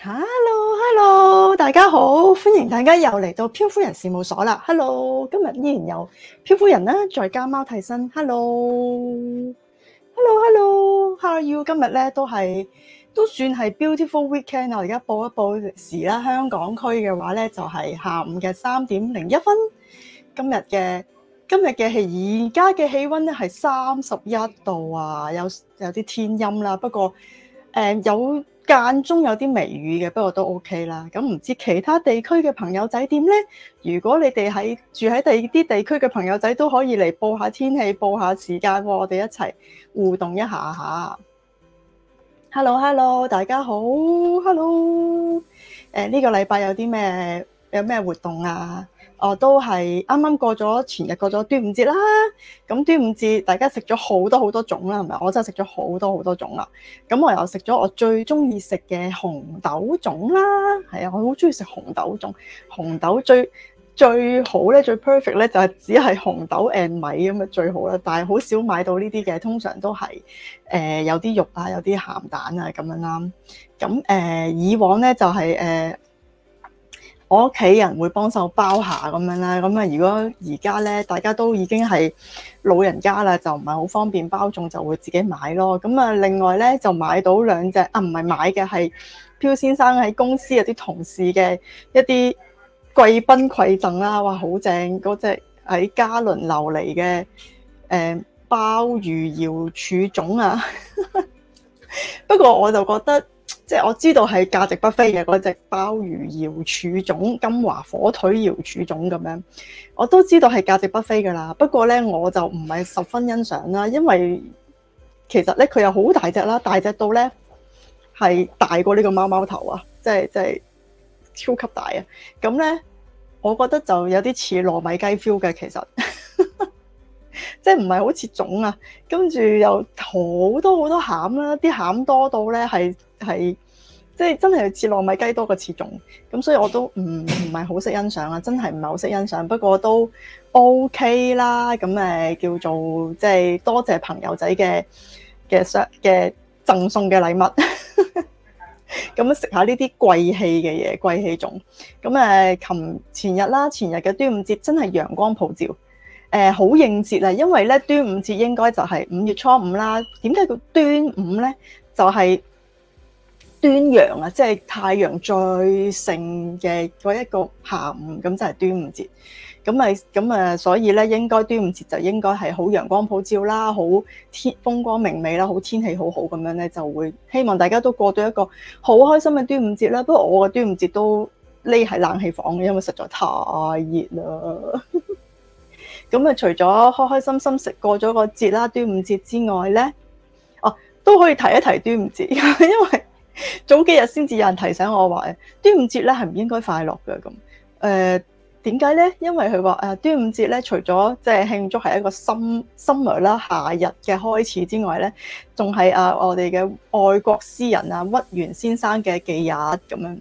Hello，Hello，hello, 大家好，歡迎大家又嚟到漂夫人事務所啦。Hello，今日依然有漂夫人啦、啊，再加貓替身。Hello，Hello，Hello，How are you？今日咧都係都算係 beautiful weekend 啊！我而家報一報時啦，香港區嘅話咧就係、是、下午嘅三點零一分。今日嘅今日嘅氣而家嘅氣溫咧係三十一度啊，有有啲天陰啦，不過誒、嗯、有。間中有啲微雨嘅，不過都 OK 啦。咁唔知其他地區嘅朋友仔點呢？如果你哋喺住喺第啲地區嘅朋友仔都可以嚟報下天氣，報下時間，我哋一齊互動一下嚇。Hello，Hello，hello, 大家好，Hello，呢、呃呢個禮拜有啲咩有咩活動啊？我都係啱啱過咗前日過咗端午節啦，咁端午節大家食咗好多好多粽啦，係咪？我真係食咗好多好多粽啦，咁我又食咗我最中意食嘅紅豆粽啦，係啊，我好中意食紅豆粽，紅豆最最好咧，最 perfect 咧就係只係紅豆誒米，咁啊最好啦，但係好少買到呢啲嘅，通常都係誒、呃、有啲肉啊，有啲鹹蛋啊咁樣啦，咁誒、呃、以往咧就係、是、誒。呃我屋企人會幫手包下咁樣啦，咁啊如果而家咧大家都已經係老人家啦，就唔係好方便包粽，就會自己買咯。咁啊另外咧就買到兩隻啊，唔係買嘅係漂先生喺公司有啲同事嘅一啲貴賓饋贈啦，哇好正！嗰隻喺嘉麟樓嚟嘅誒鮑魚瑤柱粽啊， 不過我就覺得。即係我知道係價值不菲嘅嗰隻鮑魚瑤柱種、金華火腿瑤柱種咁樣，我都知道係價值不菲㗎啦。不過咧，我就唔係十分欣賞啦，因為其實咧佢有好大隻啦，大隻到咧係大過呢個貓貓頭啊！即係即係超級大啊！咁咧，我覺得就有啲似糯米雞 feel 嘅其實。即係唔係好似粽啊，跟住又好多好多餡啦、啊，啲餡多到咧係係即係真係似糯米雞多過似粽，咁所以我都唔唔係好識欣賞啊，真係唔係好識欣賞，不過都 OK 啦，咁誒叫做即係多謝朋友仔嘅嘅相嘅贈送嘅禮物，咁 食下呢啲貴氣嘅嘢，貴氣粽，咁誒琴前日啦，前日嘅端午節真係陽光普照。誒好應節啊，因為咧端午節應該就係五月初五啦。點解叫端午咧？就係端陽啊，即係太陽最盛嘅嗰一個下午，咁就係端午節。咁咪咁啊，所以咧應該端午節就應該係好陽光普照啦，好天風光明媚啦，好天氣好好咁樣咧，就會希望大家都過到一個好開心嘅端午節啦。不過我嘅端午節都匿喺冷氣房，因為實在太熱啦。咁啊！除咗開開心心食過咗個節啦，端午節之外咧，哦、啊、都可以提一提端午節，因為早幾日先至有人提醒我話誒，端午節咧係唔應該快樂嘅咁。誒點解咧？因為佢話誒端午節咧，除咗即係慶祝係一個森 summer 啦夏日嘅開始之外咧，仲係啊我哋嘅愛國詩人啊屈原先生嘅忌日咁樣。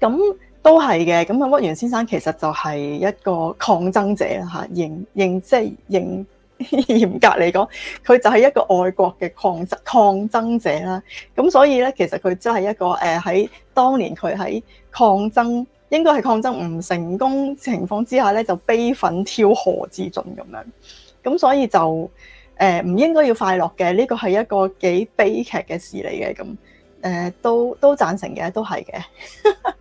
咁都係嘅，咁啊屈原先生其實就係一個抗爭者啦嚇，認認即係認嚴、就是、格嚟講，佢就係一個愛國嘅抗爭抗爭者啦。咁所以咧，其實佢真係一個誒喺當年佢喺抗爭，應該係抗爭唔成功情況之下咧，就悲憤跳河自盡咁樣。咁所以就誒唔應該要快樂嘅，呢、這個係一個幾悲劇嘅事嚟嘅。咁誒都都贊成嘅，都係嘅。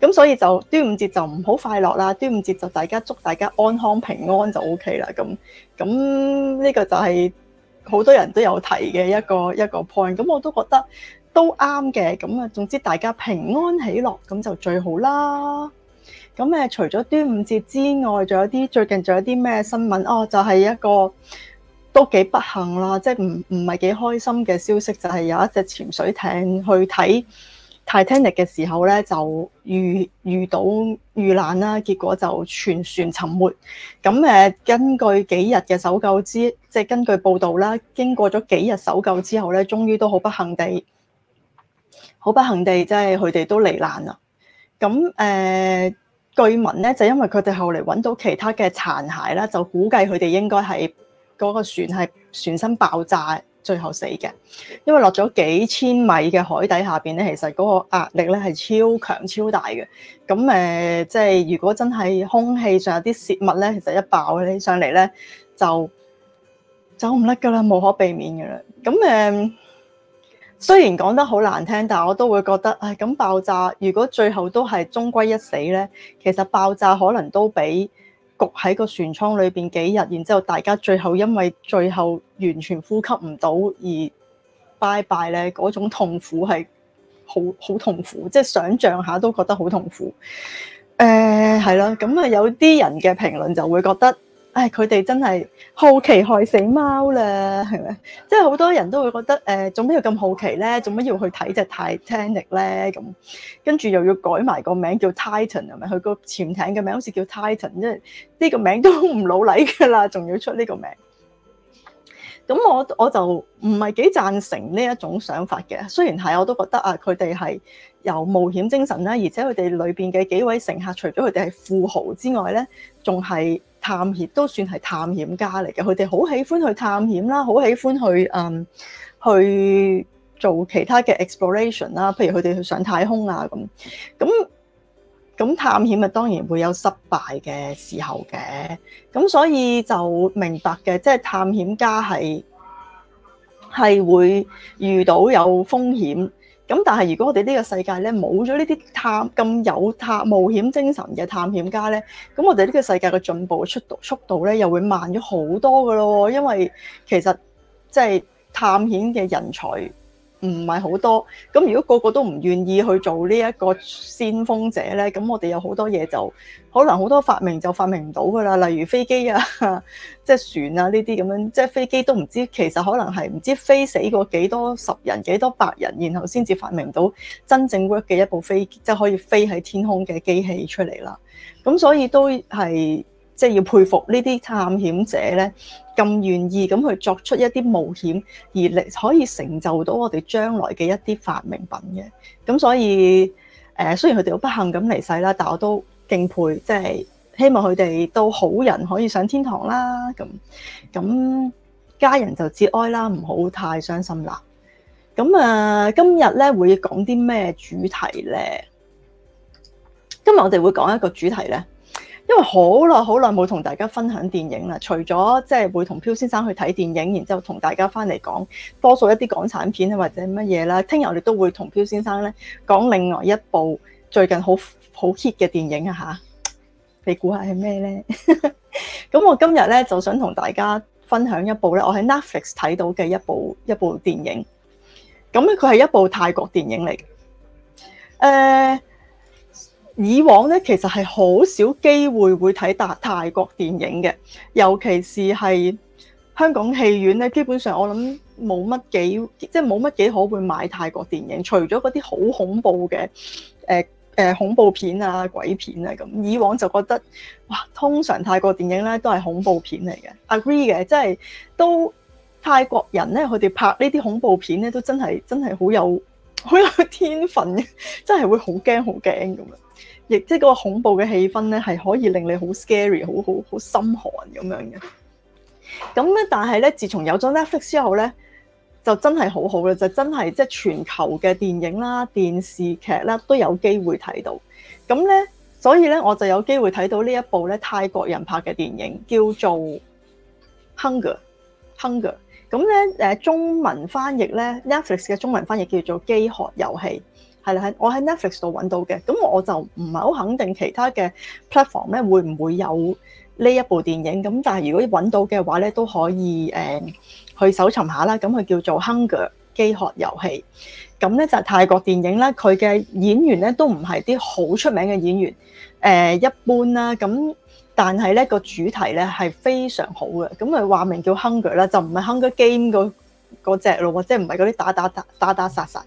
咁所以就端午節就唔好快樂啦，端午節就大家祝大家安康平安就 OK 啦。咁咁呢個就係好多人都有提嘅一個一個 point。咁我都覺得都啱嘅。咁啊，總之大家平安喜樂咁就最好啦。咁誒，除咗端午節之外，仲有啲最近仲有啲咩新聞？哦，就係一個都幾不幸啦，即係唔唔係幾開心嘅消息，就係有一隻潛水艇去睇 Titanic 嘅時候咧，就遇遇到遇難啦，結果就全船沉沒。咁誒，根據幾日嘅搜救之，即係根據報道啦，經過咗幾日搜救之後咧，終於都好不幸地，好不幸地他們，即係佢哋都罹難啦。咁、呃、誒，據聞咧，就因為佢哋後嚟揾到其他嘅殘骸啦，就估計佢哋應該係嗰、那個船係船身爆炸。最後死嘅，因為落咗幾千米嘅海底下邊咧，其實嗰個壓力咧係超強超大嘅。咁誒，即係如果真係空氣上有啲泄物咧，其實一爆起上嚟咧就走唔甩噶啦，無可避免嘅啦。咁誒，雖然講得好難聽，但我都會覺得，唉，咁爆炸如果最後都係終歸一死咧，其實爆炸可能都比。焗喺個船艙裏邊幾日，然之後大家最後因為最後完全呼吸唔到而拜拜呢。e 咧，嗰種痛苦係好好痛苦，即係想像下都覺得好痛苦。誒、呃，係啦，咁啊有啲人嘅評論就會覺得。唉、哎，佢哋真係好奇害死貓啦，係咪？即係好多人都會覺得，誒、呃，做咩要咁好奇咧？做乜要去睇隻 Titanic 咧？咁跟住又要改埋個名叫 Titan，係咪？佢個潛艇嘅名字好似叫 Titan，即係呢個名字都唔老禮噶啦，仲要出呢個名字。咁我我就唔係幾贊成呢一種想法嘅。雖然係，我都覺得啊，佢哋係有冒險精神啦。而且佢哋裏邊嘅幾位乘客，除咗佢哋係富豪之外咧，仲係。探險都算係探險家嚟嘅，佢哋好喜歡去探險啦，好喜歡去嗯去做其他嘅 exploration 啦，譬如佢哋去上太空啊咁，咁咁探險啊當然會有失敗嘅時候嘅，咁所以就明白嘅，即係探險家係係會遇到有風險。咁但係，如果我哋呢個世界呢冇咗呢啲探咁有探冒險精神嘅探險家呢，咁我哋呢個世界嘅進步速度速度又會慢咗好多㗎咯，因為其實即係探險嘅人才。唔係好多，咁如果個個都唔願意去做呢一個先鋒者咧，咁我哋有好多嘢就可能好多發明就發明唔到噶啦，例如飛機啊，即係船啊呢啲咁樣，即係飛機都唔知其實可能係唔知飛死過幾多十人幾多百人，然後先至發明到真正 work 嘅一部飛即係可以飛喺天空嘅機器出嚟啦。咁所以都係。即係要佩服呢啲探險者咧，咁願意咁去作出一啲冒險，而嚟可以成就到我哋將來嘅一啲發明品嘅。咁所以，誒雖然佢哋都不幸咁離世啦，但我都敬佩。即係希望佢哋都好人可以上天堂啦。咁咁家人就節哀啦，唔好太傷心啦。咁啊，今日咧會講啲咩主題咧？今日我哋會講一個主題咧。因為好耐好耐冇同大家分享電影啦，除咗即係會同飄先生去睇電影，然之後同大家翻嚟講多數一啲港產片或者乜嘢啦。聽日我哋都會同飄先生咧講另外一部最近好好 hit 嘅電影啊嚇，你估下係咩咧？咁我今日咧就想同大家分享一部咧，我喺 Netflix 睇到嘅一部一部電影。咁佢係一部泰國電影嚟嘅，誒、uh。以往咧，其實係好少機會會睇泰泰國電影嘅，尤其是係香港戲院咧，基本上我諗冇乜幾即係冇乜幾可會買泰國電影，除咗嗰啲好恐怖嘅誒誒恐怖片啊、鬼片啊咁。以往就覺得哇，通常泰國電影咧都係恐怖片嚟嘅，agree 嘅，即係都泰國人咧，佢哋拍呢啲恐怖片咧都真係真係好有。好 有天分嘅，真係會好驚好驚咁樣，亦即係嗰個恐怖嘅氣氛咧，係可以令你好 scary，好好好心寒咁樣嘅。咁咧，但係咧，自從有咗 Netflix 之後咧，就真係好好啦，就是，真係即係全球嘅電影啦、電視劇啦都有機會睇到。咁咧，所以咧我就有機會睇到呢一部咧泰國人拍嘅電影，叫做《Hunger》。Hunger。咁咧，誒中文翻譯咧，Netflix 嘅中文翻譯叫做《飢渴遊戲》，係啦，係我喺 Netflix 度揾到嘅。咁我就唔係好肯定其他嘅 platform 咧會唔會有呢一部電影。咁但係如果揾到嘅話咧，都可以誒、呃、去搜尋一下啦。咁佢叫做《Hunger》飢渴遊戲。咁咧就係泰國電影啦，佢嘅演員咧都唔係啲好出名嘅演員，誒、呃、一般啦咁。但係咧、呢個主題咧係非常好嘅，咁佢話名叫 Hunger 啦，就唔係 Hunger Game 嗰隻咯，即係唔係嗰啲打打打打打殺殺。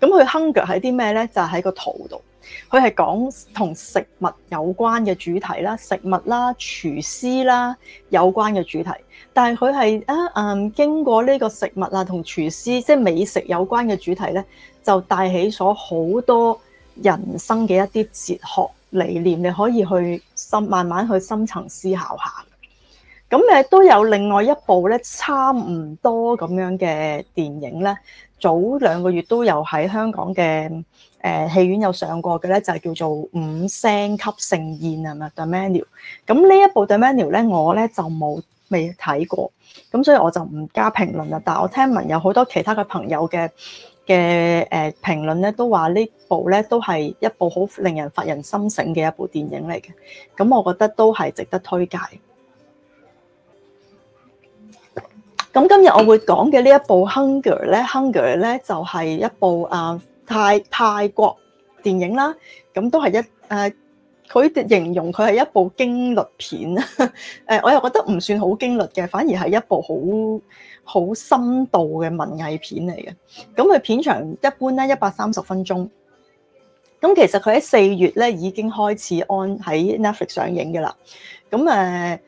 咁佢 Hunger 係啲咩咧？就喺、係、個圖度，佢係講同食物有關嘅主題啦，食物啦、廚師啦有關嘅主題。但係佢係啊嗯，經過呢個食物啊同廚師即係、就是、美食有關嘅主題咧，就帶起咗好多人生嘅一啲哲學。理念你可以去深慢慢去深層思考一下，咁誒都有另外一部咧差唔多咁樣嘅電影咧，早兩個月都有喺香港嘅誒戲院有上過嘅咧，就係、是、叫做《五星級盛宴》啊，《係咪 The Menu》。咁呢一部《The Menu 咧，我咧就冇未睇過，咁所以我就唔加評論啦。但我聽聞有好多其他嘅朋友嘅，嘅誒評論咧，都話呢部咧都係一部好令人發人深省嘅一部電影嚟嘅，咁我覺得都係值得推介。咁今日我會講嘅呢一部《Hunger》咧，《Hunger》咧就係一部啊泰泰國電影啦，咁都係一誒，佢形容佢係一部驚慄片，誒我又覺得唔算好驚慄嘅，反而係一部好好深度嘅文藝片嚟嘅，咁佢片長一般咧一百三十分鐘。咁其實佢喺四月咧已經開始安喺 Netflix 上映嘅啦。咁誒，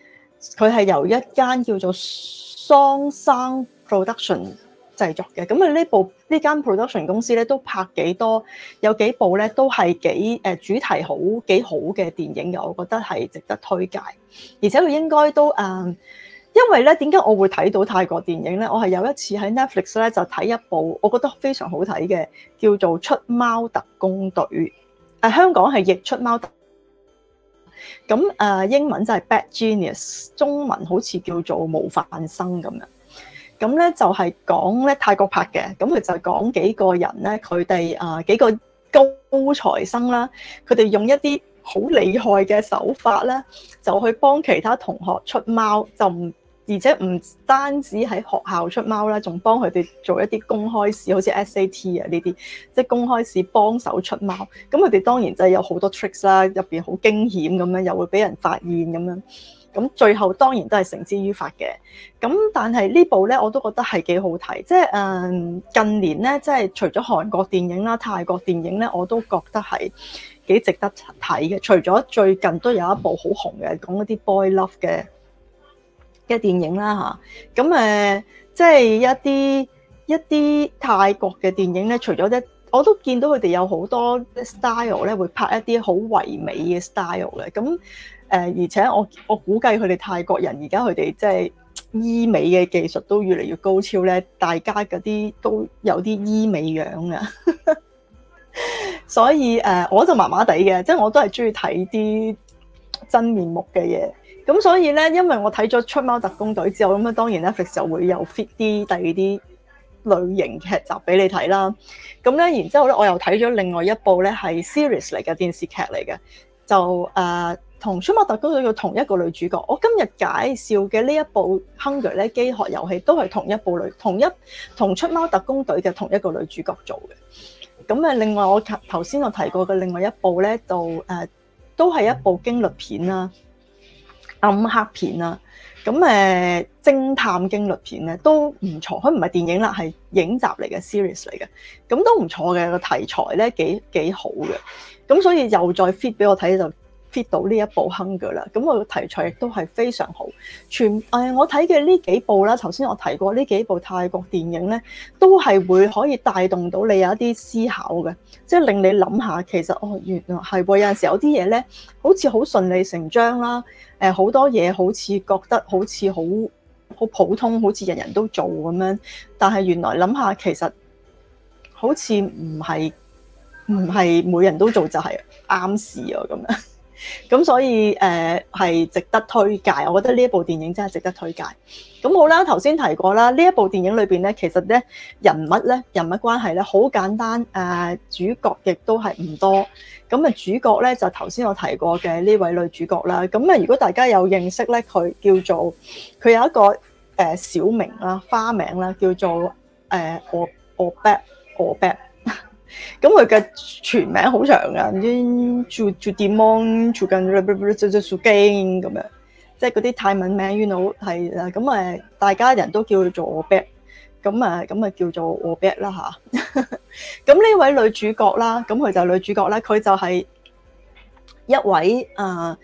佢係由一間叫做雙生 Production 製作嘅。咁佢呢部呢間 Production 公司咧都拍幾多有幾部咧都係幾誒，主題好幾好嘅電影嘅，我覺得係值得推介。而且佢應該都誒、嗯。因為咧，點解我會睇到泰國電影咧？我係有一次喺 Netflix 咧就睇一部，我覺得非常好睇嘅，叫做《出貓特工隊》。誒、呃，香港係譯《出貓特工隊》。咁、呃、誒，英文就係《Bad Genius》，中文好似叫做《模犯生》咁樣。咁咧就係、是、講咧泰國拍嘅，咁佢就係講幾個人咧，佢哋誒幾個高材生啦，佢哋用一啲好厲害嘅手法咧，就去幫其他同學出貓，就唔～而且唔單止喺學校出貓啦，仲幫佢哋做一啲公開試，好似 SAT 啊呢啲，即係公開試幫手出貓。咁佢哋當然就係有好多 tricks 啦，入邊好驚險咁樣，又會俾人發現咁樣。咁最後當然都係繩之於法嘅。咁但係呢部咧，我都覺得係幾好睇。即係誒近年咧，即係除咗韓國電影啦、泰國電影咧，我都覺得係幾值得睇嘅。除咗最近都有一部好紅嘅，講嗰啲 boy love 嘅。嘅電影啦吓，咁誒，即係一啲一啲泰國嘅電影咧，除咗一，我都見到佢哋有好多 style 咧，會拍一啲好唯美嘅 style 嘅。咁誒，而且我我估計佢哋泰國人而家佢哋即係醫美嘅技術都越嚟越高超咧，大家嗰啲都有啲醫美樣噶。 所以誒，我就麻麻地嘅，即係，我都係中意睇啲真面目嘅嘢。咁所以咧，因為我睇咗《出貓特工隊》之後，咁啊當然 Netflix 就會有 fit 啲第二啲類型劇集俾你睇啦。咁咧，然之後咧，我又睇咗另外一部咧係 series 嚟嘅電視劇嚟嘅，就誒同《呃、出貓特工隊》嘅同一個女主角。我今日介紹嘅呢一部呢《Hunger》咧飢渴遊戲都係同一部女同一同《出貓特工隊》嘅同一個女主角做嘅。咁誒，另外我頭先我提過嘅另外一部咧，就誒都係、呃、一部驚慄片啦。暗黑片啦，啊，咁誒、啊、偵探驚慄片咧都唔錯，佢唔係電影啦，係影集嚟嘅 series 嚟嘅，咁都唔錯嘅個題材咧，幾幾好嘅，咁所以又再 fit 俾我睇就。fit 到呢一部 Hunger 啦，咁嘅題材亦都係非常好。全誒、哎，我睇嘅呢幾部啦，頭先我提過呢幾部泰國電影咧，都係會可以帶動到你有一啲思考嘅，即係令你諗下，其實哦，原來係喎。有陣時有啲嘢咧，好似好順理成章啦，誒，好多嘢好似覺得好似好好普通，好似人人都做咁樣，但係原來諗下，其實好似唔係唔係每人都做就係啱事啊咁樣。咁所以誒係、呃、值得推介，我覺得呢一部電影真係值得推介。咁好啦，頭先提過啦，呢一部電影裏邊咧，其實咧，人物咧，人物關係咧好簡單。誒、呃、主角亦都係唔多。咁啊主角咧就頭、是、先我提過嘅呢位女主角啦。咁啊如果大家有認識咧，佢叫做佢有一個誒小名啦，花名啦，叫做誒、呃、Aokbab、Aokbab。咁佢嘅全名好長㗎，做做 Demon，做緊做做做 King 咁樣，即係嗰啲泰文名，原來係啦，咁誒，大家人都叫佢做 Ob，咁啊，咁啊叫做 Ob 啦吓。咁 呢位女主角啦，咁佢就係女主角啦。佢就係一位啊，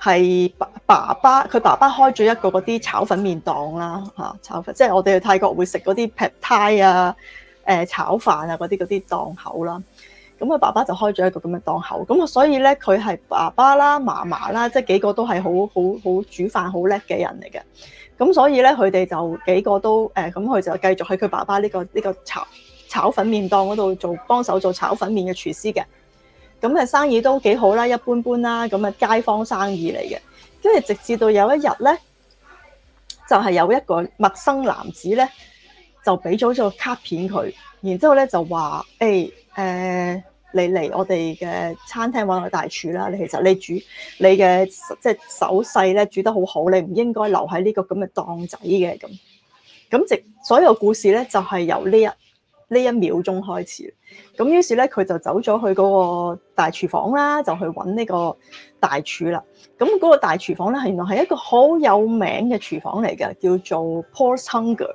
係爸爸佢爸爸開咗一個嗰啲炒粉麵檔啦吓，炒粉，即係我哋去泰國會食嗰啲 Pad Thai 啊。誒炒飯啊嗰啲嗰啲檔口啦，咁佢爸爸就開咗一個咁嘅檔口，咁啊所以咧佢係爸爸啦、媽媽啦，即係幾個都係好好好煮飯好叻嘅人嚟嘅，咁所以咧佢哋就幾個都誒，咁、欸、佢就繼續喺佢爸爸呢個呢個炒炒粉麵檔嗰度做幫手做炒粉麵嘅廚師嘅，咁啊生意都幾好啦，一般般啦，咁啊街坊生意嚟嘅，跟住直至到有一日咧，就係有一個陌生男子咧。就俾咗咗個卡片佢，然之後咧就話，誒、欸，誒、呃，你嚟我哋嘅餐廳揾我大廚啦！你其實你煮你嘅即係手勢咧煮得好好，你唔應該留喺呢個咁嘅檔仔嘅咁。咁即所有故事咧就係、是、由呢一呢一秒鐘開始。咁於是咧佢就走咗去嗰個大廚房啦，就去揾呢個大廚啦。咁、那、嗰個大廚房咧，原來係一個好有名嘅廚房嚟嘅，叫做 Paul's Hunger。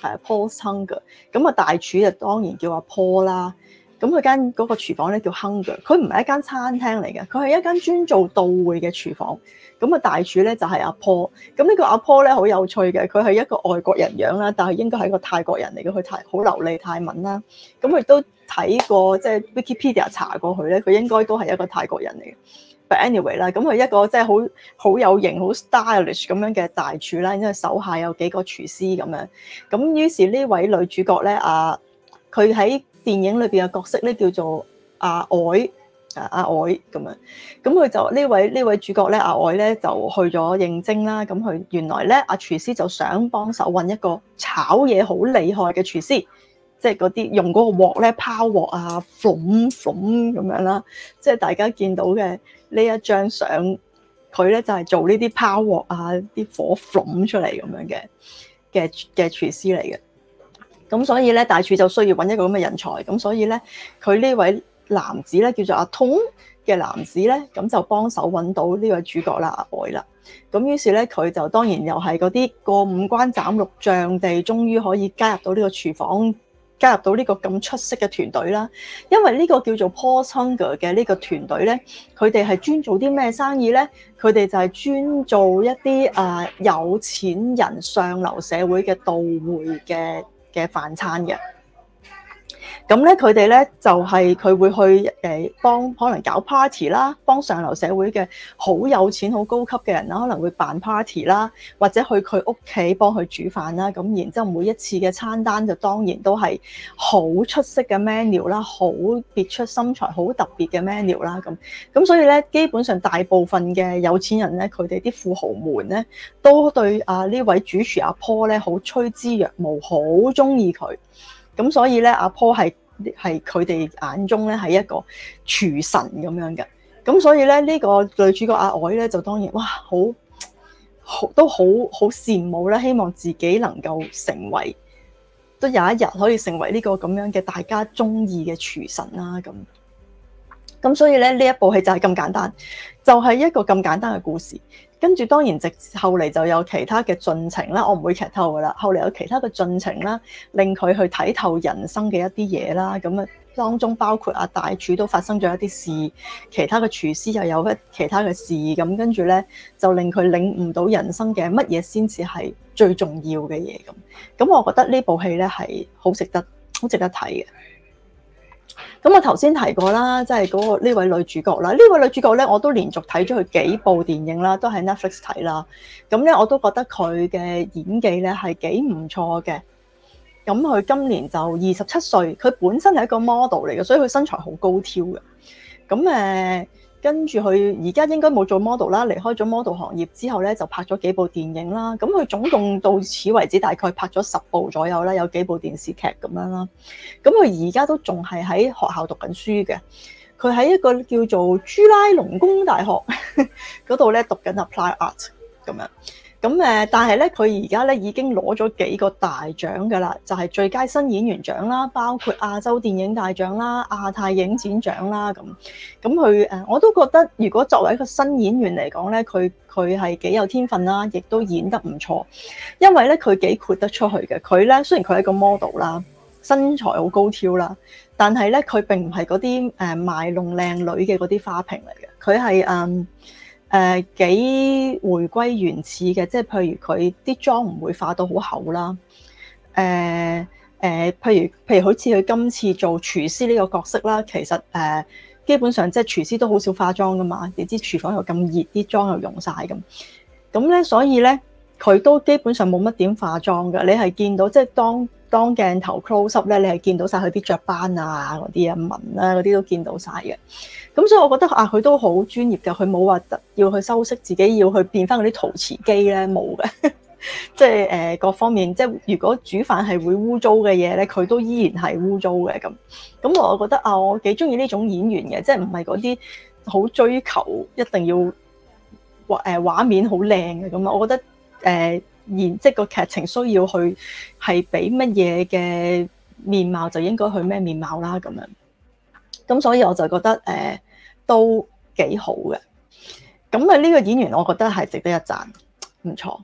係阿 Paul's Hunger，咁啊大廚就當然叫阿 Paul 啦。咁佢間嗰個廚房咧叫 Hunger，佢唔係一間餐廳嚟嘅，佢係一間專做到會嘅廚房。咁啊大廚咧就係阿 Paul。咁呢個阿 Paul 咧好有趣嘅，佢係一個外國人樣啦，但係應該係一個泰國人嚟嘅，佢泰好流利泰文啦。咁佢都睇過即係、就是、Wikipedia 查過佢咧，佢應該都係一個泰國人嚟嘅。But anyway 啦，咁佢一個即係好好有型、好 stylish 咁樣嘅大廚啦。因為手下有幾個廚師咁樣，咁於是呢位女主角咧，阿佢喺電影裏邊嘅角色咧叫做阿凱啊，阿凱咁樣。咁佢就呢位呢位主角咧，阿凱咧就去咗應徵啦。咁佢原來咧，阿廚師就想幫手揾一個炒嘢好厲害嘅廚師，即係嗰啲用嗰個鑊咧拋鑊啊，搵搵咁樣啦，即係大家見到嘅。這一呢一張相，佢咧就係、是、做呢啲拋鑊啊，啲火燶出嚟咁樣嘅嘅嘅廚師嚟嘅。咁所以咧，大廚就需要揾一個咁嘅人才。咁所以咧，佢呢位男子咧叫做阿通嘅男子咧，咁就幫手揾到呢位主角啦，愛、啊、啦。咁於是咧，佢就當然又係嗰啲過五關斬六將地，終於可以加入到呢個廚房。加入到呢個咁出色嘅團隊啦，因為呢個叫做 Paul Hunger 嘅呢個團隊咧，佢哋係專做啲咩生意咧？佢哋就係專做一啲啊有錢人上流社會嘅到會嘅嘅飯餐嘅。咁咧，佢哋咧就係、是、佢會去誒幫可能搞 party 啦，幫上流社會嘅好有錢、好高級嘅人啦，可能會辦 party 啦，或者去佢屋企幫佢煮飯啦。咁然之後，每一次嘅餐單就當然都係好出色嘅 menu 啦，好別出心裁、好特別嘅 menu 啦。咁咁所以咧，基本上大部分嘅有錢人咧，佢哋啲富豪們咧，都對呢位主廚阿波咧好趨之若鶩，好中意佢。咁所以咧，阿坡係係佢哋眼中咧，係一個廚神咁樣嘅。咁所以咧，呢、這個女主角阿藹咧，就當然哇，好好都好好羨慕啦，希望自己能夠成為都有一日可以成為呢個咁樣嘅大家鍾意嘅廚神啦，啊。咁咁所以咧，呢一部戲就係咁簡單，就係、是、一個咁簡單嘅故事。跟住當然，直後嚟就有其他嘅進程啦，我唔會劇透㗎喇。後嚟有其他嘅進程啦，令佢去睇透人生嘅一啲嘢啦。咁啊，當中包括阿大廚都發生咗一啲事，其他嘅廚師又有其他嘅事咁，跟住咧就令佢領悟到人生嘅乜嘢先至係最重要嘅嘢咁。咁我覺得呢部戲咧係好值得、好值得睇嘅。咁我頭先提過啦，即係嗰個呢位女主角啦，呢位女主角咧，我都連續睇咗佢幾部電影啦，都係 Netflix 睇啦。咁咧，我都覺得佢嘅演技咧係幾唔錯嘅。咁佢今年就二十七歲，佢本身係一個 model 嚟嘅，所以佢身材好高挑嘅。咁誒。呃跟住佢而家應該冇做 model 啦，離開咗 model 行業之後咧，就拍咗幾部電影啦。咁佢總共到此為止，大概拍咗十部左右啦，有幾部電視劇咁樣啦。咁佢而家都仲係喺學校讀緊書嘅，佢喺一個叫做朱拉隆功大學嗰度咧讀緊 apply art 咁樣。咁誒，但係咧，佢而家咧已經攞咗幾個大獎噶啦，就係最佳新演員獎啦，包括亞洲電影大獎啦、亞太影展獎啦咁。咁佢誒，我都覺得，如果作為一個新演員嚟講咧，佢佢係幾有天分啦，亦都演得唔錯。因為咧，佢幾豁得出去嘅。佢咧雖然佢係個 model 啦，身材好高挑啦，但係咧佢並唔係嗰啲誒賣弄靚女嘅嗰啲花瓶嚟嘅。佢係嗯。呃誒、呃、幾回歸原始嘅，即係譬如佢啲妝唔會化到好厚啦。誒、呃、誒、呃，譬如譬如好似佢今次做廚師呢個角色啦，其實誒、呃、基本上即係廚師都好少化妝噶嘛，你知廚房又咁熱，啲妝又溶晒咁。咁咧，所以咧佢都基本上冇乜點化妝㗎。你係見到即係當。當鏡頭 close up 咧，你係見到晒佢啲雀斑啊、嗰啲啊紋啊、嗰啲都見到晒嘅。咁所以我覺得啊，佢都好專業嘅，佢冇話得要去修飾自己，要去變翻嗰啲陶瓷肌咧冇嘅。即係誒各方面，即係如果煮飯係會污糟嘅嘢咧，佢都依然係污糟嘅咁。咁我覺得啊，我幾中意呢種演員嘅，即係唔係嗰啲好追求一定要畫誒、呃、畫面好靚嘅咁啊？我覺得誒、呃然即個劇情需要去係俾乜嘢嘅面貌，就應該去咩面貌啦咁樣。咁所以我就覺得誒、呃、都幾好嘅。咁啊呢個演員，我覺得係值得一讚，唔錯。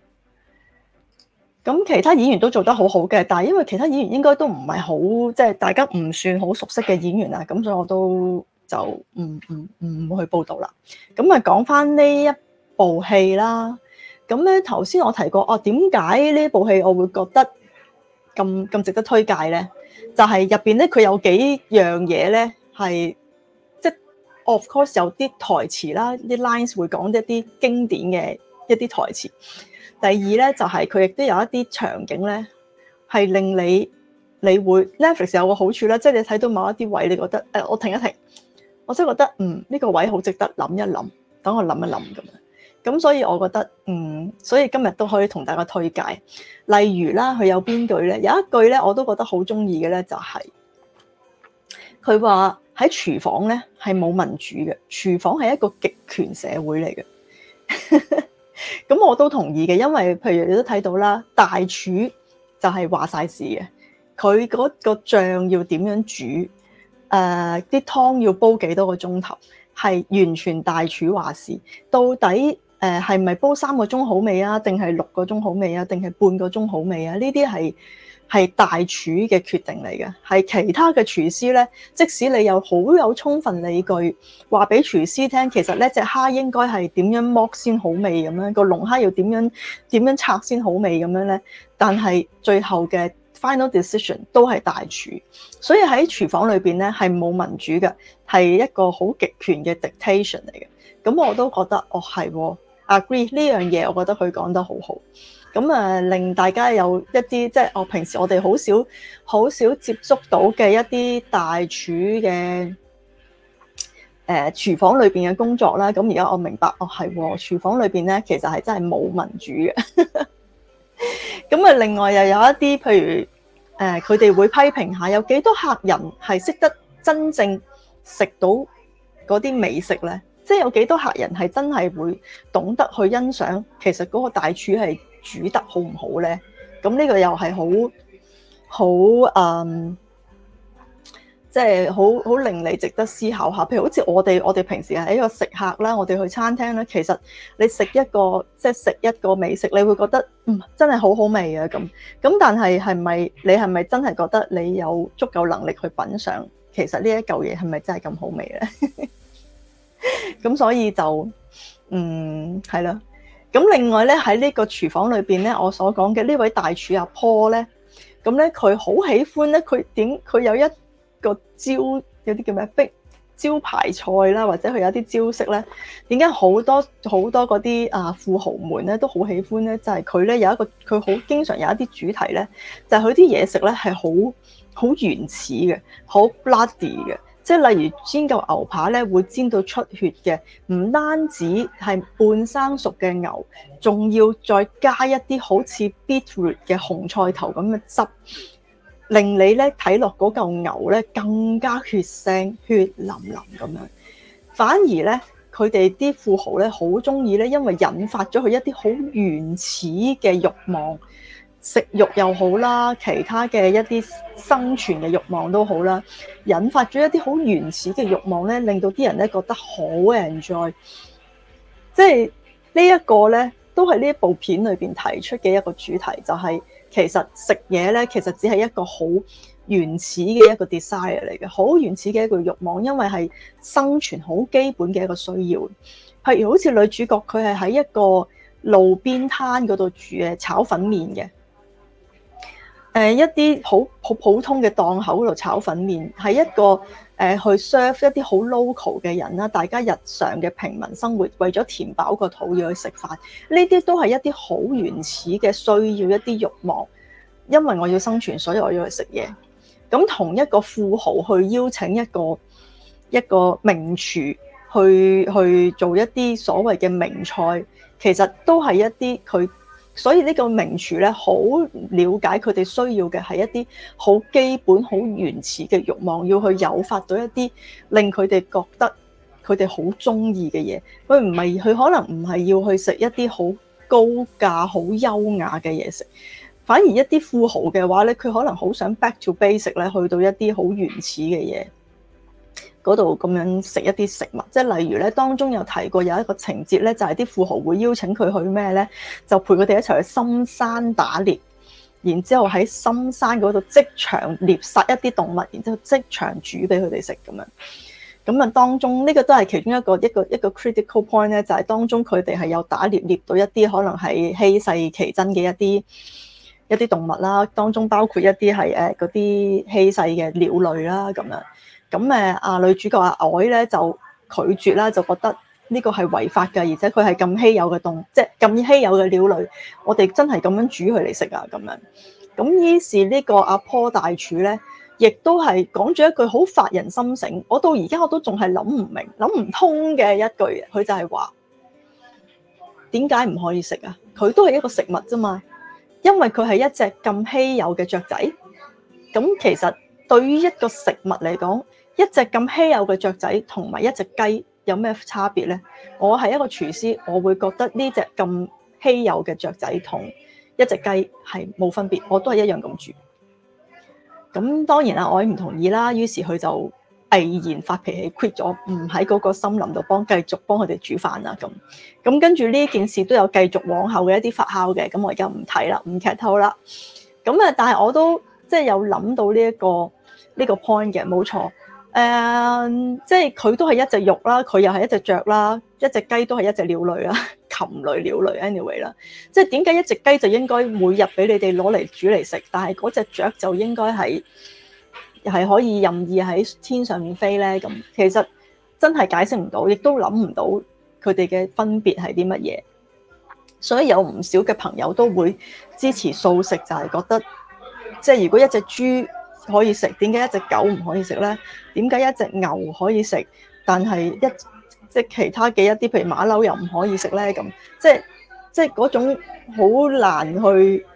咁其他演員都做得好好嘅，但係因為其他演員應該都唔係好即係大家唔算好熟悉嘅演員啊，咁所以我都就唔唔唔去報導啦。咁啊講翻呢一部戲啦。咁咧，頭先我提過，哦，點解呢部戲我會覺得咁咁值得推介咧？就係入邊咧，佢有幾樣嘢咧，係即係 of course 有啲台詞啦，啲 lines 會講一啲經典嘅一啲台詞，第二咧，就係佢亦都有一啲場景咧，係令你你會 Netflix 有個好處啦，即係你睇到某一啲位，你覺得誒，我停一停，我真係覺得嗯呢個位好值得諗一諗，等我諗一諗咁。咁所以我覺得，嗯，所以今日都可以同大家推介，例如啦，佢有邊句咧？有一句咧，我都覺得好中意嘅咧，就係佢話喺廚房咧係冇民主嘅，廚房係一個極權社會嚟嘅。咁 我都同意嘅，因為譬如你都睇到啦，大廚就係話晒事嘅，佢嗰個醬要點樣煮，誒、呃、啲湯要煲幾多個鐘頭，係完全大廚話事，到底。誒，係咪煲三個鐘好味啊？定係六個鐘好味啊？定係半個鐘好味啊？呢啲係係大廚嘅決定嚟嘅，係其他嘅廚師咧。即使你又好有充分理據話俾廚師聽，其實呢隻蝦應該係點樣剝先好味咁樣，個龍蝦要點樣點樣拆先好味咁樣咧？但係最後嘅 final decision 都係大廚，所以喺廚房裏邊咧係冇民主嘅，係一個好極權嘅 dictation 嚟嘅。咁我都覺得哦係。是 agree 呢樣嘢，我覺得佢講得好好，咁啊令大家有一啲即係我平時我哋好少好少接觸到嘅一啲大廚嘅誒、呃、廚房裏邊嘅工作啦。咁而家我明白，哦，係喎，廚房裏邊咧其實係真係冇民主嘅。咁啊，那另外又有一啲譬如誒，佢、呃、哋會批評下有幾多客人係識得真正食到嗰啲美食咧。即係有幾多客人係真係會懂得去欣賞？其實嗰個大廚係煮得好唔好咧？咁呢個又係好好誒，即係好好令你值得思考下。譬如好似我哋，我哋平時係一個食客啦，我哋去餐廳咧，其實你食一個即係食一個美食，你會覺得嗯，真係好好味啊！咁咁，但係係咪你係咪真係覺得你有足夠能力去品嘗？其實呢一嚿嘢係咪真係咁好味咧？ 咁 所以就，嗯，係啦。咁另外咧，喺呢個廚房裏邊咧，我所講嘅呢位大廚阿坡咧，咁咧佢好喜歡咧，佢點佢有一個招，有啲叫咩？逼招牌菜啦，或者佢有啲招式咧，點解好多好多嗰啲啊富豪們咧都好喜歡咧？就係佢咧有一個，佢好經常有一啲主題咧，就係佢啲嘢食咧係好好原始嘅，好 bloody 嘅。即係例如煎嚿牛扒咧，會煎到出血嘅，唔單止係半生熟嘅牛，仲要再加一啲好似 beetroot 嘅紅菜頭咁嘅汁，令你咧睇落嗰嚿牛咧更加血腥、血淋淋咁樣。反而咧，佢哋啲富豪咧好中意咧，因為引發咗佢一啲好原始嘅慾望。食慾又好啦，其他嘅一啲生存嘅欲望都好啦，引發咗一啲好原始嘅欲望咧，令到啲人咧覺得好 enjoy。即係呢一個咧，都係呢一部片裏邊提出嘅一個主題，就係其實食嘢咧，其實只係一個好原始嘅一個 desire 嚟嘅，好原始嘅一個欲望，因為係生存好基本嘅一個需要。譬如好似女主角佢係喺一個路邊攤嗰度煮嘅炒粉麵嘅。誒一啲好好普通嘅檔口度炒粉麵，係一個誒去 serve 一啲好 local 嘅人啦，大家日常嘅平民生活，為咗填飽個肚要去食飯，呢啲都係一啲好原始嘅需要，一啲慾望，因為我要生存，所以我要去食嘢。咁同一個富豪去邀請一個一個名廚去去做一啲所謂嘅名菜，其實都係一啲佢。所以呢個名廚咧，好了解佢哋需要嘅係一啲好基本、好原始嘅慾望，要去誘發到一啲令佢哋覺得佢哋好中意嘅嘢。佢唔係，佢可能唔係要去食一啲好高價、好優雅嘅嘢食，反而一啲富豪嘅話咧，佢可能好想 back to basic 咧，去到一啲好原始嘅嘢，嗰度咁樣食一啲食物，即係例如咧，當中有提過有一個情節咧，就係啲富豪會邀請佢去咩咧，就陪佢哋一齊去深山打獵，然之後喺深山嗰度即場獵殺一啲動物，然之後即場煮俾佢哋食咁樣。咁啊，當中呢個都係其中一個一個一個 critical point 咧，就係當中佢哋係有打獵獵到一啲可能係稀世奇珍嘅一啲一啲動物啦，當中包括一啲係誒嗰啲稀世嘅鳥類啦咁樣。咁誒阿女主角阿凱咧就拒絕啦，就覺得呢個係違法嘅，而且佢係咁稀有嘅動，即係咁稀有嘅鳥類，我哋真係咁樣煮佢嚟食啊咁樣。咁於是呢個阿婆大廚咧，亦都係講咗一句好發人心醒。我到而家我都仲係諗唔明、諗唔通嘅一句，佢就係話點解唔可以食啊？佢都係一個食物啫嘛，因為佢係一隻咁稀有嘅雀仔。咁其實對於一個食物嚟講，一隻咁稀有嘅雀仔同埋一隻雞有咩差別咧？我係一個廚師，我會覺得呢隻咁稀有嘅雀仔同一隻雞係冇分別，我都係一樣咁煮。咁當然啦，我唔同意啦。於是佢就毅然發脾氣 quit 咗，唔喺嗰個森林度幫繼續幫佢哋煮飯啦。咁咁跟住呢件事都有繼續往後嘅一啲發酵嘅。咁我而家唔睇啦，唔劇透啦。咁啊，但係我都即係、就是、有諗到呢、這、一個呢、這個 point 嘅，冇錯。誒、嗯，即係佢都係一隻肉啦，佢又係一隻雀啦，一隻雞都係一隻鳥類啦，禽類鳥類 anyway 啦。即係點解一隻雞就應該每日俾你哋攞嚟煮嚟食，但係嗰隻雀就應該係係可以任意喺天上面飛咧？咁其實真係解釋唔到，亦都諗唔到佢哋嘅分別係啲乜嘢。所以有唔少嘅朋友都會支持素食，就係覺得即係如果一隻豬可以食，點解一隻狗唔可以食呢？點解一隻牛可以食，但係、即係、其他嘅一啲，譬如馬騮又唔可以食呢？咁、即係，即即係嗰種好難去。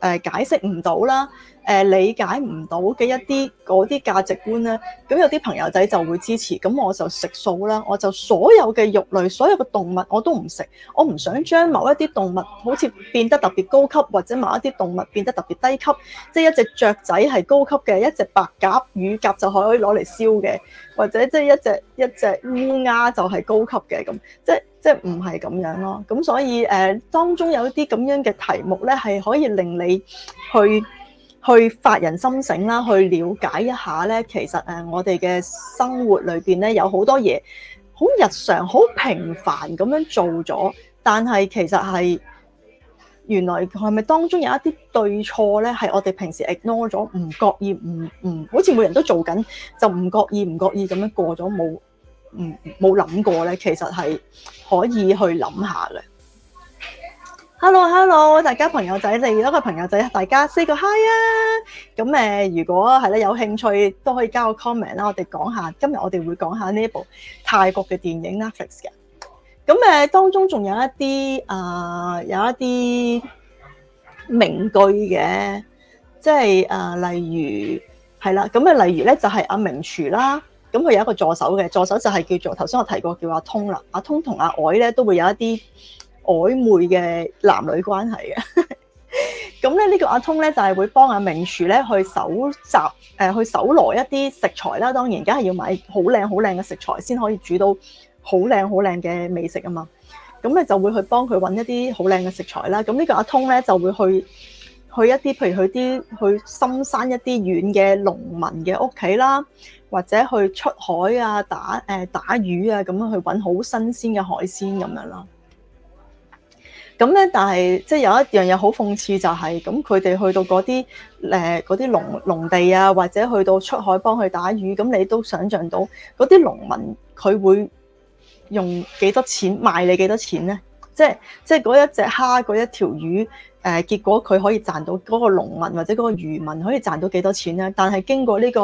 誒解釋唔到啦，誒理解唔到嘅一啲嗰啲價值觀咧，咁有啲朋友仔就會支持，咁我就食素啦，我就所有嘅肉類，所有嘅動物我都唔食，我唔想將某一啲動物好似變得特別高級，或者某一啲動物變得特別低級，即係一隻雀仔係高級嘅，一隻白鴿、乳鴿就可以攞嚟燒嘅，或者即係一隻一隻烏鴉就係高級嘅咁，即係。即係唔係咁樣咯，咁所以誒，當中有一啲咁樣嘅題目咧，係可以令你去去發人深省啦，去了解一下咧，其實誒，我哋嘅生活裏邊咧，有好多嘢好日常、好平凡咁樣做咗，但係其實係原來係咪當中有一啲對錯咧，係我哋平時 ignore 咗，唔覺意唔唔，好似每人都做緊，就唔覺意唔覺意咁樣過咗冇。嗯，冇諗過咧，其實係可以去諗下嘅。Hello，Hello，hello，大家朋友仔，另一個朋友仔，大家 say 個 Hi 啊！咁誒，如果係咧有興趣，都可以交個 comment 啦。我哋講下今日我哋會講下呢一部泰國嘅電影 Netflix 嘅。咁誒，當中仲有一啲啊、呃，有一啲名句嘅，即係誒、呃，例如係啦，咁誒，例如咧就係阿明廚啦。咁佢有一個助手嘅助手就係叫做頭先我提過叫阿通啦。阿通同阿凱咧都會有一啲曖昧嘅男女關係嘅。咁咧呢個阿通咧就係、是、會幫阿明廚咧去蒐集誒、呃、去搜羅一啲食材啦。當然而家係要買好靚好靚嘅食材先可以煮到好靚好靚嘅美食啊嘛。咁咧就會去幫佢揾一啲好靚嘅食材啦。咁呢個阿通咧就會去去一啲譬如去啲去深山一啲遠嘅農民嘅屋企啦。或者去出海啊，打誒、呃、打魚啊，咁樣去揾好新鮮嘅海鮮咁樣咯。咁咧，但係即係有一樣嘢好諷刺就係、是、咁，佢哋去到嗰啲誒嗰啲農農地啊，或者去到出海幫佢打魚，咁你都想像到嗰啲農民佢會用幾多錢賣你幾多錢咧？即係即係嗰一隻蝦，嗰一條魚。誒結果佢可以賺到嗰個農民或者嗰個漁民可以賺到幾多錢咧？但係經過呢個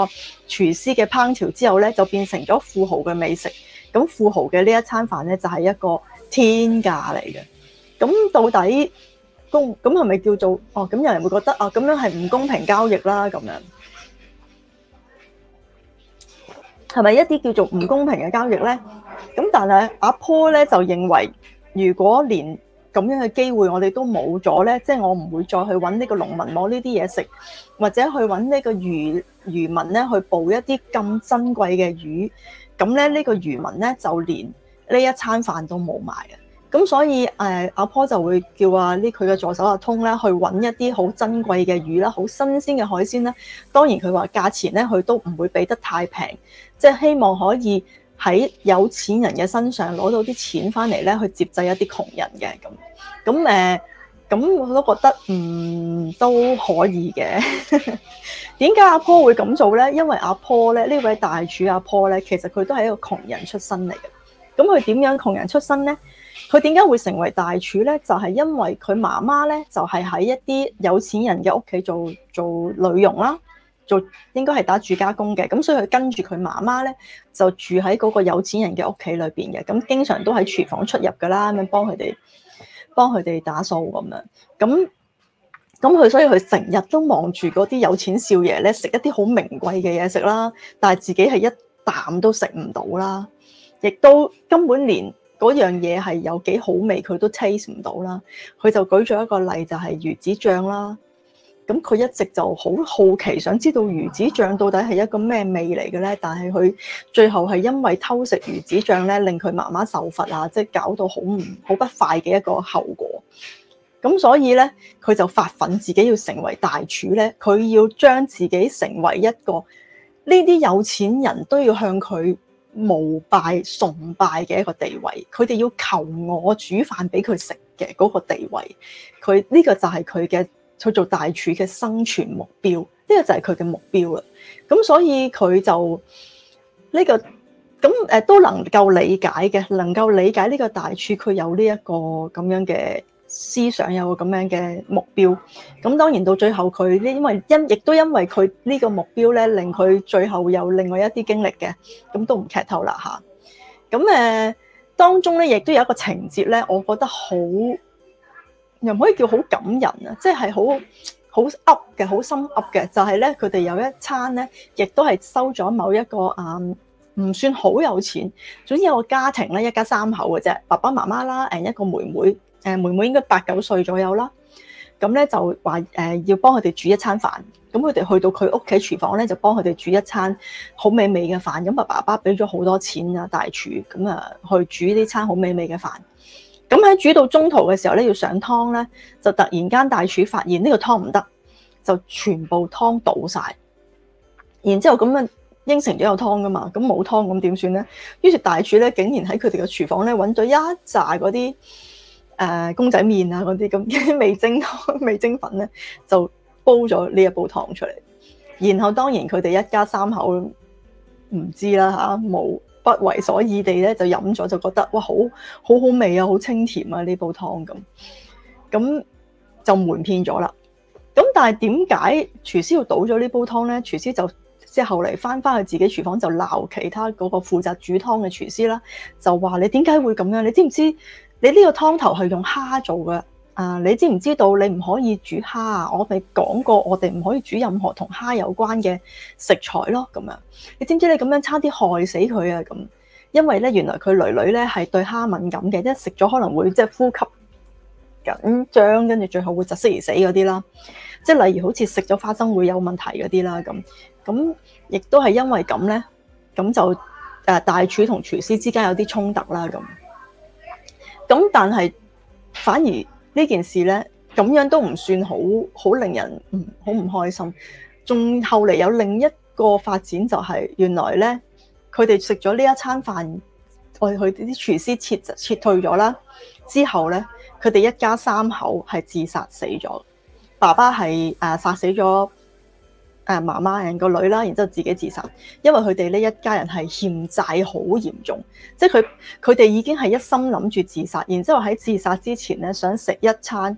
廚師嘅烹調之後咧，就變成咗富豪嘅美食。咁富豪嘅呢一餐飯咧，就係一個天價嚟嘅。咁到底公咁係咪叫做哦？咁有人會覺得哦，咁樣係唔公平交易啦咁樣。係咪一啲叫做唔公平嘅交易咧？咁但係阿 Paul 咧就認為，如果連咁樣嘅機會我哋都冇咗咧，即係我唔會再去揾呢個農民攞呢啲嘢食，或者去揾呢個漁漁民咧去捕一啲咁珍貴嘅魚，咁咧呢個漁民咧就連呢一餐飯都冇埋嘅，咁所以誒阿 Paul 就會叫啊，呢佢嘅助手阿通咧去揾一啲好珍貴嘅魚啦，好新鮮嘅海鮮咧，當然佢話價錢咧佢都唔會俾得太平，即係希望可以。喺有錢人嘅身上攞到啲錢翻嚟咧，去接濟一啲窮人嘅咁咁誒咁我都覺得唔、嗯、都可以嘅。點解阿坡會咁做咧？因為阿坡咧呢位大廚阿坡咧，其實佢都係一個窮人出身嚟嘅。咁佢點樣窮人出身咧？佢點解會成為大廚咧？就係、是、因為佢媽媽咧，就係、是、喺一啲有錢人嘅屋企做做女傭啦。做應該係打住家工嘅，咁所以佢跟住佢媽媽咧就住喺嗰個有錢人嘅屋企裏邊嘅，咁經常都喺廚房出入噶啦，咁樣幫佢哋幫佢哋打掃咁樣，咁咁佢所以佢成日都望住嗰啲有錢少爺咧食一啲好名貴嘅嘢食啦，但係自己係一啖都食唔到啦，亦都根本連嗰樣嘢係有幾好味佢都 taste 唔到啦。佢就舉咗一個例子就係魚子醬啦。咁佢一直就好好奇，想知道魚子醬到底係一個咩味嚟嘅咧？但係佢最後係因為偷食魚子醬咧，令佢媽媽受罰啊！即係搞到好唔好不快嘅一個後果。咁所以咧，佢就發憤自己要成為大廚咧。佢要將自己成為一個呢啲有錢人都要向佢膜拜、崇拜嘅一個地位。佢哋要求我煮飯俾佢食嘅嗰個地位。佢呢、呢個就係佢嘅。去做大廚嘅生存目標，呢個就係佢嘅目標啦。咁所以佢就呢個咁誒、呃，都能夠理解嘅，能夠理解呢個大廚佢有呢一個咁樣嘅思想，有個咁樣嘅目標。咁當然到最後佢呢，因為因亦都因為佢呢個目標咧，令佢最後有另外一啲經歷嘅。咁都唔劇透啦吓咁誒，當中咧亦都有一個情節咧，我覺得好。又唔可以叫好感人啊！即係好好噏嘅，好心噏嘅，就係、是、咧，佢哋，就是、有一餐咧，亦都係收咗某一個啊，唔、嗯、算好有錢。總之有個家庭咧，一家三口嘅啫，爸爸媽媽啦，誒一個妹妹，誒妹妹應該八九歲左右啦。咁咧就話誒要幫佢哋煮一餐飯，咁佢哋去到佢屋企廚房咧，就幫佢哋煮一餐好美味嘅飯。咁啊，爸爸俾咗好多錢啊，大廚咁啊，去煮呢餐好美味嘅飯。咁喺煮到中途嘅時候咧，要上湯咧，就突然間大廚發現呢個湯唔得，就全部湯倒晒。然之後咁啊應承咗有湯噶嘛，咁冇湯咁點算咧？於是大廚咧竟然喺佢哋嘅廚房咧揾咗一紮嗰啲誒公仔麵啊，嗰啲咁啲味精湯味精粉咧，就煲咗呢一煲湯出嚟。然後當然佢哋一家三口唔知啦嚇冇。不為所以地咧就飲咗，就覺得哇好好好味啊，好清甜啊！呢煲湯咁，咁就瞞騙咗啦。咁但係點解廚師要倒咗呢煲湯咧？廚師就即係後嚟返返去自己廚房就鬧其他嗰個負責煮湯嘅廚師啦，就話你點解會咁樣？你知唔知你呢個湯頭係用蝦做嘅？啊！你知唔知道你唔可以煮蝦啊？我咪講過，我哋唔可以煮任何同蝦有關嘅食材咯。咁樣你知唔知你咁樣差啲害死佢啊？咁因為咧，原來佢女女咧係對蝦敏感嘅，即係食咗可能會即係呼吸緊張，跟住最後會窒息而死嗰啲啦。即係例如好似食咗花生會有問題嗰啲啦。咁咁亦都係因為咁咧，咁就、呃、大廚同廚師之間有啲衝突啦。咁咁，但係反而。呢件事呢，咁樣都唔算好好令人嗯好唔開心。仲後嚟有另一個發展就係原來呢，佢哋食咗呢一餐飯，我哋佢啲廚師撤撤退咗啦，之後呢，佢哋一家三口係自殺死咗，爸爸係誒殺死咗。誒媽媽，人個女啦，然之後自己自殺，因為佢哋呢一家人係欠債好嚴重，即係佢佢哋已經係一心諗住自殺，然之後喺自殺之前咧，想食一餐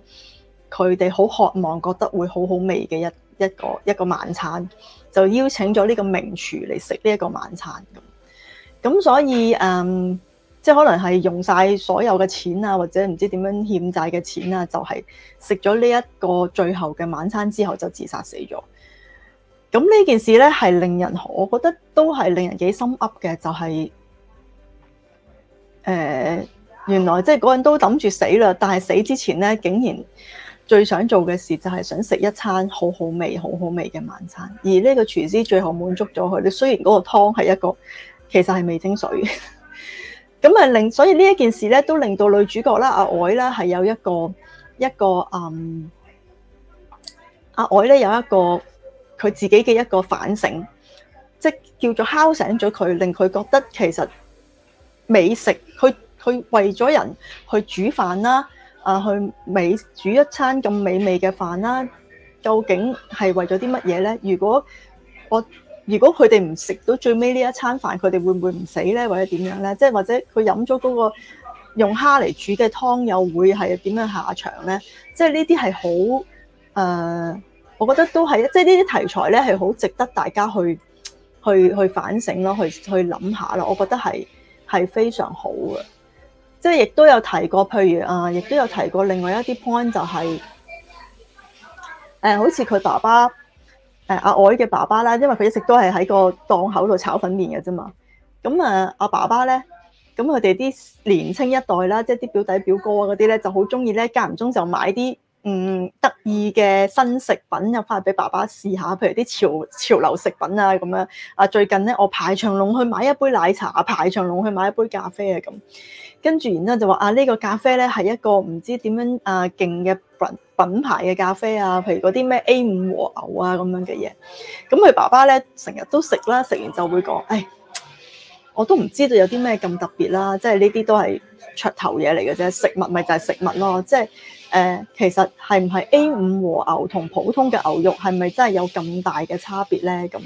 佢哋好渴望覺得會好好味嘅一一個一個晚餐，就邀請咗呢個名廚嚟食呢一個晚餐咁。咁所以誒、嗯，即係可能係用晒所有嘅錢啊，或者唔知點樣欠債嘅錢啊，就係食咗呢一個最後嘅晚餐之後就自殺死咗。咁呢件事咧，係令人，我覺得都係令人幾心噏嘅，就係、是、誒、呃，原來即係嗰人都諗住死啦，但係死之前咧，竟然最想做嘅事就係想食一餐好好味、好好味嘅晚餐，而呢個廚師最後滿足咗佢。你雖然嗰個湯係一個其實係味精水，咁 啊令，所以呢一件事咧，都令到女主角啦，阿凱啦，係有一個一個嗯，阿凱咧有一個。一個嗯佢自己嘅一個反省，即叫做敲醒咗佢，令佢覺得其實美食，佢佢為咗人去煮飯啦，啊，去美煮一餐咁美味嘅飯啦，究竟係為咗啲乜嘢咧？如果我如果佢哋唔食到最尾呢一餐飯，佢哋會唔會唔死咧，或者點樣咧？即係或者佢飲咗嗰個用蝦嚟煮嘅湯，又會係點樣下場咧？即係呢啲係好誒。呃我覺得都係，即係呢啲題材咧係好值得大家去去去反省咯，去去諗下咯。我覺得係係非常好嘅，即係亦都有提過，譬如啊，亦都有提過另外一啲 point 就係、是，誒、嗯，好似佢爸爸誒、嗯、阿凱嘅爸爸啦，因為佢一直都係喺個檔口度炒粉麵嘅啫嘛。咁啊，阿、啊、爸爸咧，咁佢哋啲年輕一代啦，即係啲表弟表哥啊嗰啲咧，就好鍾意咧間唔中就買啲。嗯，得意嘅新食品又返去俾爸爸試下，譬如啲潮潮流食品啊咁樣。啊，最近咧我排長龍去買一杯奶茶，排長龍去買一杯咖啡啊咁。跟住然之後就話啊，呢個咖啡咧係一個唔知點樣啊勁嘅品牌嘅咖啡啊，譬如嗰啲咩 A 五和牛啊咁樣嘅嘢。咁佢爸爸咧成日都食啦，食完就會講，唉、哎，我都唔知道有啲咩咁特別啦，即係呢啲都係噱頭嘢嚟嘅啫，食物咪就係食物咯，即係。誒，其實係唔係 A 五和牛同普通嘅牛肉係咪真係有咁大嘅差別咧？咁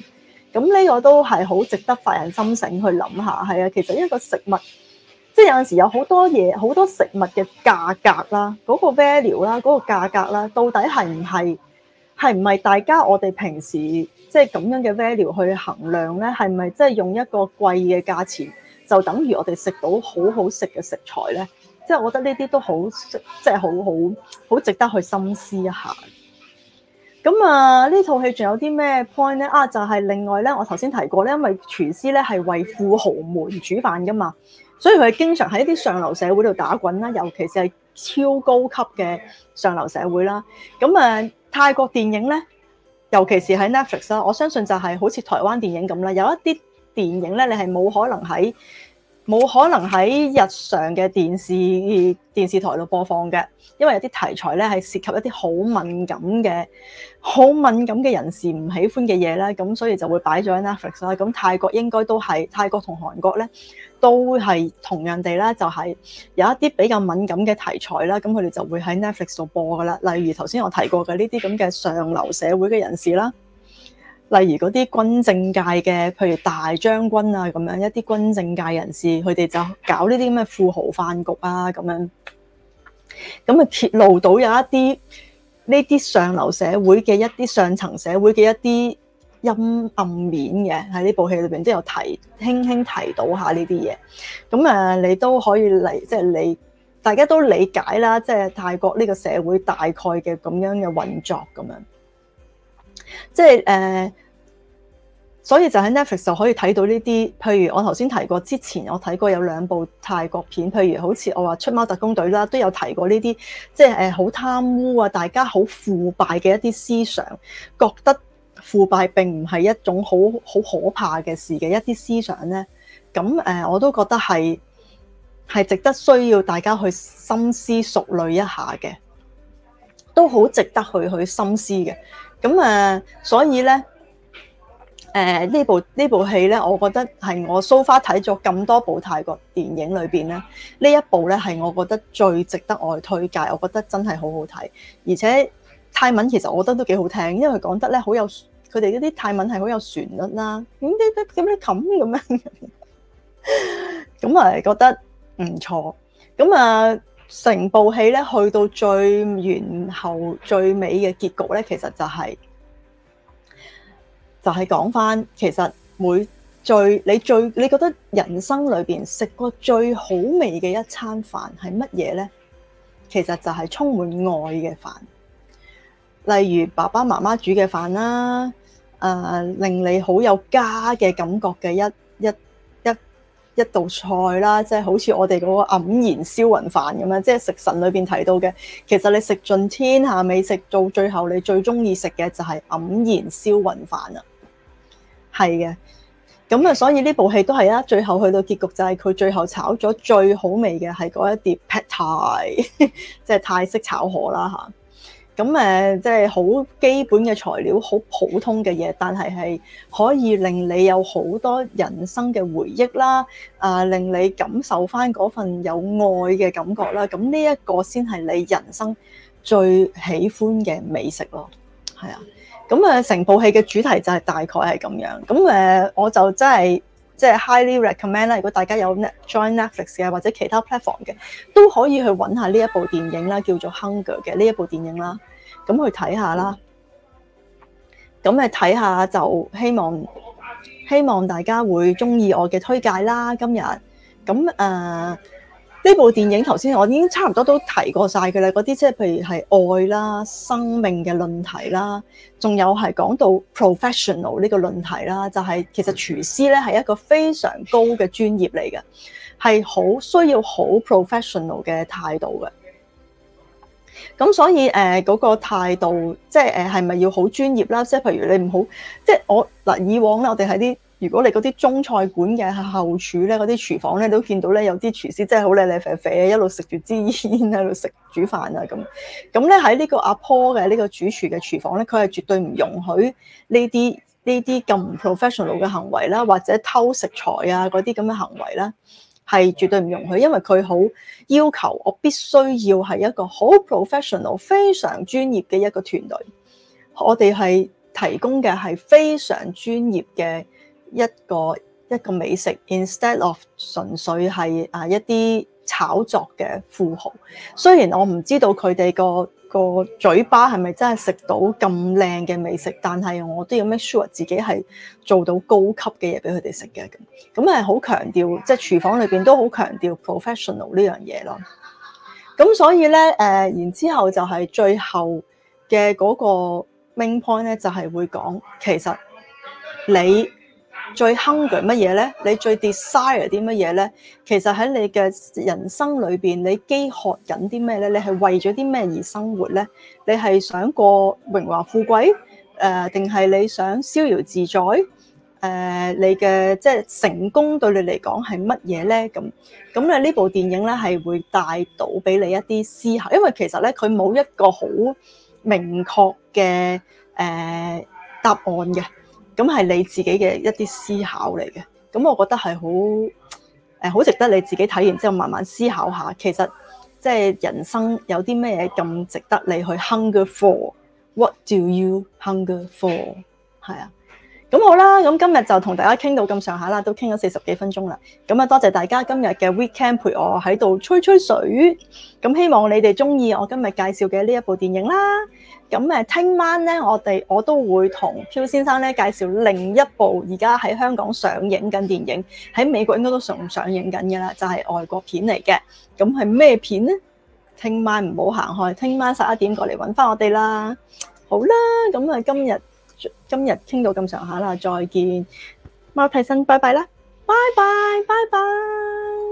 咁呢個都係好值得發人深省去諗下。係啊，其實一個食物，即係有陣時有好多嘢，好多食物嘅價格啦，嗰個 value 啦，嗰個價格啦，那個那個，到底係唔係係唔係大家我哋平時即係咁樣嘅 value 去衡量咧？係咪即係用一個貴嘅價錢，就等於我哋食到好好食嘅食材咧？即係我覺得呢啲都好即係好好好值得去深思一下。咁啊，呢套戲仲有啲咩 point 咧？啊，就係另外咧，我頭先提過咧，因為廚師咧係為富豪們煮飯噶嘛，所以佢經常喺一啲上流社會度打滾啦，尤其是係超高級嘅上流社會啦。咁啊，泰國電影咧，尤其是喺 Netflix 啦，我相信就係好似台灣電影咁啦，有一啲電影咧，你係冇可能喺。冇可能喺日常嘅電視電視台度播放嘅，因為有啲題材咧係涉及一啲好敏感嘅、好敏感嘅人士唔喜歡嘅嘢啦。咁所以就會擺咗喺 Netflix 啦。咁泰國應該都係，泰國同韓國咧都係同樣地咧，就係有一啲比較敏感嘅題材啦。咁佢哋就會喺 Netflix 度播噶啦。例如頭先我提過嘅呢啲咁嘅上流社會嘅人士啦。例如嗰啲軍政界嘅，譬如大將軍啊，咁樣一啲軍政界人士，佢哋就搞呢啲咁嘅富豪飯局啊，咁樣咁啊揭露到有一啲呢啲上流社會嘅一啲上層社會嘅一啲陰暗面嘅，喺呢部戲裏邊，都有提輕輕提到下呢啲嘢。咁啊，你都可以嚟，即係你大家都理解啦。即係泰國呢個社會大概嘅咁樣嘅運作咁樣，即係誒。呃。所以就喺 Netflix 就可以睇到呢啲，譬如我頭先提過，之前我睇過有兩部泰國片，譬如好似我話出貓特工隊啦，都有提過呢啲，即係誒好貪污啊，大家好腐敗嘅一啲思想，覺得腐敗並唔係一種好好可怕嘅事嘅一啲思想咧，咁誒我都覺得係係值得需要大家去深思熟慮一下嘅，都好值得去去深思嘅，咁所以咧。誒、呃、呢部呢部戲咧，我覺得係我 so far 睇咗咁多部泰國電影裏面咧，呢一部咧係我覺得最值得我去推介。我覺得真係好好睇，而且泰文其實我覺得都幾好聽，因為佢講得咧好有，佢哋嗰啲泰文係好有旋律啦。咁啲咁啲冚咁樣，咁 我覺得唔錯。咁啊，成部戲咧去到最完後最尾嘅結局咧，其實就係、是。就係、是、講返，其實每最你最你覺得人生裏邊食過最好味嘅一餐飯係乜嘢呢？其實就係充滿愛嘅飯，例如爸爸媽媽煮嘅飯啦，誒、呃、令你好有家嘅感覺嘅一一一,一道菜啦，即、就、係、是、好似我哋嗰個黯然銷魂飯咁樣，即、就、係、是、食神裏邊提到嘅。其實你食盡天下美食，到最後你最鍾意食嘅就係黯然銷魂飯啊！係嘅，咁啊，所以呢部戲都係啦，最後去到結局就係佢最後炒咗最好味嘅係嗰一碟劈泰，即係泰式炒河啦吓。咁誒，即係好基本嘅材料，好普通嘅嘢，但係係可以令你有好多人生嘅回憶啦，啊，令你感受翻嗰份有愛嘅感覺啦。咁呢一個先係你人生最喜歡嘅美食咯，係啊。咁誒，成部戲嘅主題就係大概係咁樣。咁誒，我就真係即係 highly recommend 啦。如果大家有 join Netflix 嘅，或者其他 platform 嘅，都可以去揾下呢一部電影啦，叫做《Hunger》嘅呢一部電影啦。咁去睇下啦。咁誒，睇下就希望希望大家會中意我嘅推介啦。今日咁誒。呢部電影頭先我已經差唔多都提過晒佢啦，嗰啲即係譬如係愛啦、生命嘅論題啦，仲有係講到 professional 呢個論題啦，就係、是、其實廚師咧係一個非常高嘅專業嚟嘅，係好需要好 professional 嘅態度嘅。咁所以誒嗰、呃嗰個態度，即係誒係咪要好專業啦？即係譬如你唔好，即、就、係、是、我嗱以往啦，我哋喺啲。如果你嗰啲中菜館嘅後廚咧，嗰啲廚房咧都見到咧，有啲廚師真係好靚靚肥肥，一路食住支煙喺度食煮飯啊咁。咁咧喺呢這個阿 Paul 嘅呢個主廚嘅廚房咧，佢係絕對唔容許呢啲呢啲咁唔 professional 嘅行為啦，或者偷食材啊嗰啲咁嘅行為啦，係絕對唔容許，因為佢好要求我必須要係一個好 professional、非常專業嘅一個團隊。我哋係提供嘅係非常專業嘅。一個一個美食，instead of 純粹係啊一啲炒作嘅富豪。雖然我唔知道佢哋個個嘴巴係咪真係食到咁靚嘅美食，但係我都要 make sure 自己係做到高級嘅嘢俾佢哋食嘅咁，咁係好強調即係、就是、廚房裏邊都好強調 professional 呢樣嘢咯。咁所以咧誒、呃，然之後就係最後嘅嗰個 main point 咧，就係會講其實你最 hungry 乜嘢咧？你最 desire 啲乜嘢咧？其實喺你嘅人生裏邊，你饑渴緊啲咩咧？你係為咗啲咩而生活咧？你係想過榮華富貴，誒定係你想逍遙自在？誒你嘅即係成功對你嚟講係乜嘢咧？咁咁咧呢部電影咧係會帶到俾你一啲思考，因為其實咧佢冇一個好明確嘅誒答案嘅。咁係你自己嘅一啲思考嚟嘅，咁我覺得係好，誒好值得你自己睇完之後慢慢思考下，其實即係人生有啲咩嘢咁值得你去 hunger for？What do you hunger for？係啊。咁好啦，咁今日就同大家傾到咁上下啦，都傾咗四十幾分鐘啦。咁啊，多謝大家今日嘅 weekend 陪我喺度吹吹水。咁希望你哋中意我今日介紹嘅呢一部電影啦。咁誒，聽晚咧，我哋我都會同漂先生咧介紹另一部而家喺香港上映緊電影，喺美國應該都上唔上映緊嘅啦，就係外國片嚟嘅。咁係咩片呢？聽晚唔好行開，聽晚十一點過嚟搵翻我哋啦。好啦，咁啊今日。今日傾到咁上下啦，再見，貓替身，拜拜啦，拜拜，拜拜。